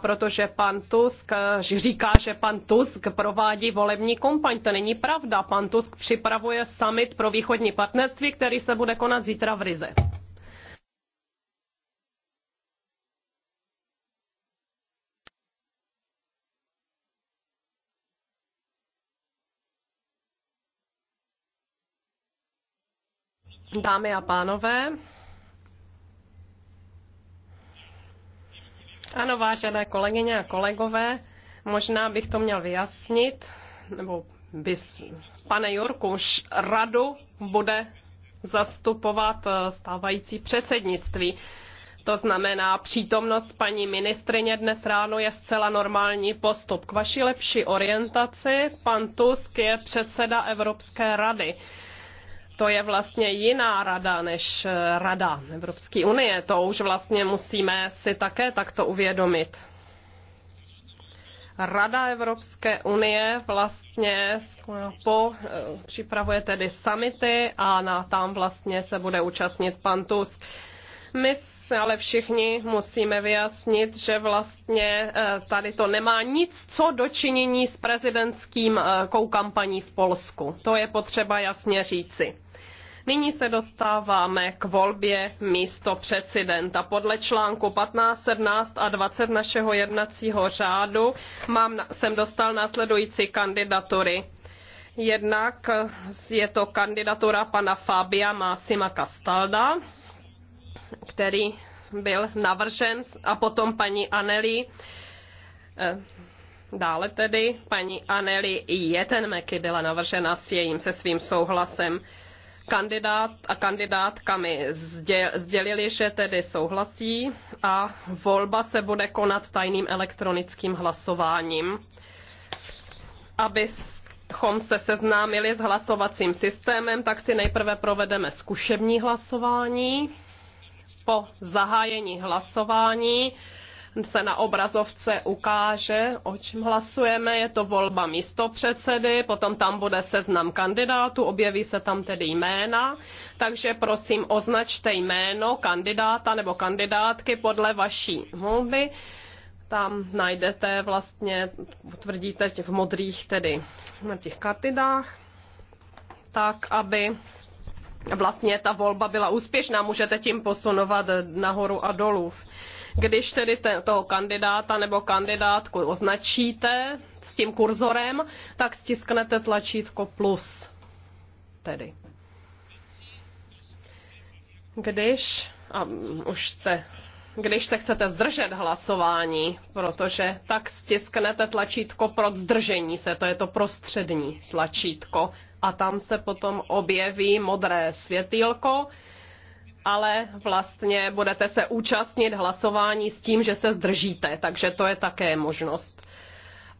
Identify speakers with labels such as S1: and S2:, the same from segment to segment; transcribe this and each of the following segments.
S1: protože pan Tusk říká, že pan Tusk provádí volební kampaň. To není pravda. Pan Tusk připravuje summit pro východní partnerství, který se bude konat zítra v Rize. Dámy a pánové, Ano, vážené kolegyně a kolegové, možná bych to měl vyjasnit, nebo bys, pane Jurku, už radu bude zastupovat eh, stávající předsednictví. To znamená, přítomnost paní ministrině dnes ráno je zcela normální postup. K vaší lepší orientaci, pan Tusk je předseda Evropské rady to je vlastně jiná rada než eh, rada Evropské unie. To už vlastně musíme si také takto uvědomit. Rada Evropské unie vlastně po, eh, připravuje tedy samity a na, tam vlastně se bude účastnit pan Tusk. My se ale všichni musíme vyjasnit, že vlastně eh, tady to nemá nic co dočinění s prezidentským kampaní v Polsku. To je potřeba jasně říci. Nyní se dostáváme k volbě místo prezidenta. Podle článku 15, 17 a 20 našeho jednacího řádu mám, jsem dostal následující kandidatury. Jednak je to kandidatura pana Fabia Másima Castalda, který byl navržen, a potom paní Anely eh, Dále tedy paní Anely Jetenmeky byla navržena s jejím se svým souhlasem kandidát a kandidátkami sdělili, že tedy souhlasí a volba se bude konat tajným elektronickým hlasováním. Abychom se seznámili s hlasovacím systémem, tak si nejprve provedeme zkušební hlasování. Po zahájení hlasování se na obrazovce ukáže, o čem hlasujeme. Je to volba místopředsedy, potom tam bude seznam kandidátů, objeví se tam tedy jména. Takže prosím označte jméno kandidáta nebo kandidátky podle vaší volby. Tam najdete vlastně, potvrdíte v modrých tedy na těch kartidách, tak aby vlastně ta volba byla úspěšná. Můžete tím posunovat nahoru a dolů. Když tedy te, toho kandidáta nebo kandidátku označíte s tím kurzorem, tak stisknete tlačítko plus. Tedy. Když, a už jste když se chcete zdržet hlasování, protože tak stisknete tlačítko pro zdržení se, to je to prostřední tlačítko a tam se potom objeví modré světýlko, ale vlastně budete se účastnit hlasování s tím, že se zdržíte, takže to je také možnost.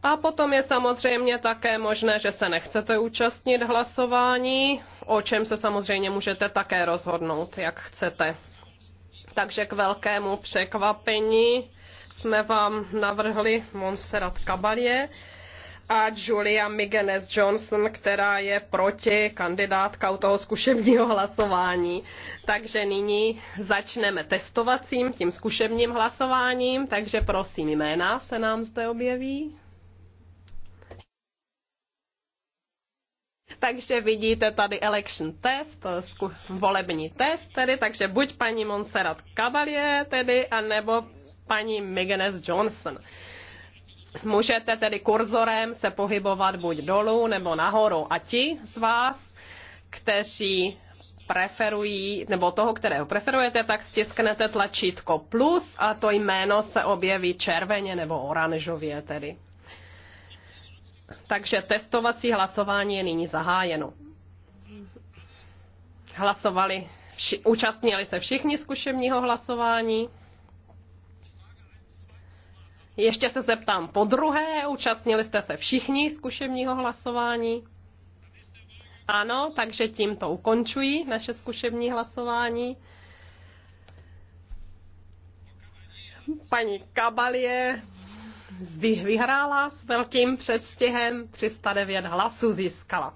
S1: A potom je samozřejmě také možné, že se nechcete účastnit hlasování, o čem se samozřejmě můžete také rozhodnout, jak chcete. Takže k velkému překvapení jsme vám navrhli Monserrat Caballé a Julia Migenes Johnson, která je proti kandidátka u toho zkušebního hlasování. Takže nyní začneme testovacím, tím zkušebním hlasováním, takže prosím, jména se nám zde objeví. Takže vidíte tady election test, volební test tedy, takže buď paní Monserrat Cavalier tedy, anebo paní Migenes Johnson. Můžete tedy kurzorem se pohybovat buď dolů nebo nahoru. A ti z vás, kteří preferují, nebo toho, kterého preferujete, tak stisknete tlačítko plus a to jméno se objeví červeně nebo oranžově tedy. Takže testovací hlasování je nyní zahájeno. Hlasovali, vši, účastnili se všichni zkušebního hlasování. Ještě se zeptám po druhé, účastnili jste se všichni zkušebního hlasování? Ano, takže tímto ukončuji naše zkušební hlasování. Paní Kabalie vyhrála s velkým předstihem, 309 hlasů získala.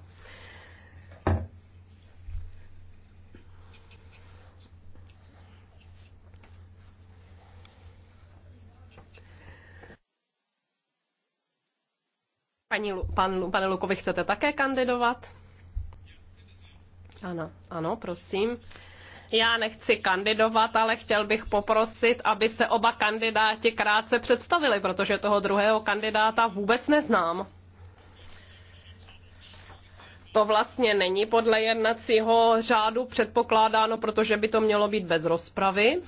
S1: Paní, pan, pane Lukovi, chcete také kandidovat? Ano, ano, prosím. Já nechci kandidovat, ale chtěl bych poprosit, aby se oba kandidáti krátce představili, protože toho druhého kandidáta vůbec neznám. To vlastně není podle jednacího řádu předpokládáno, protože by to mělo být bez rozpravy.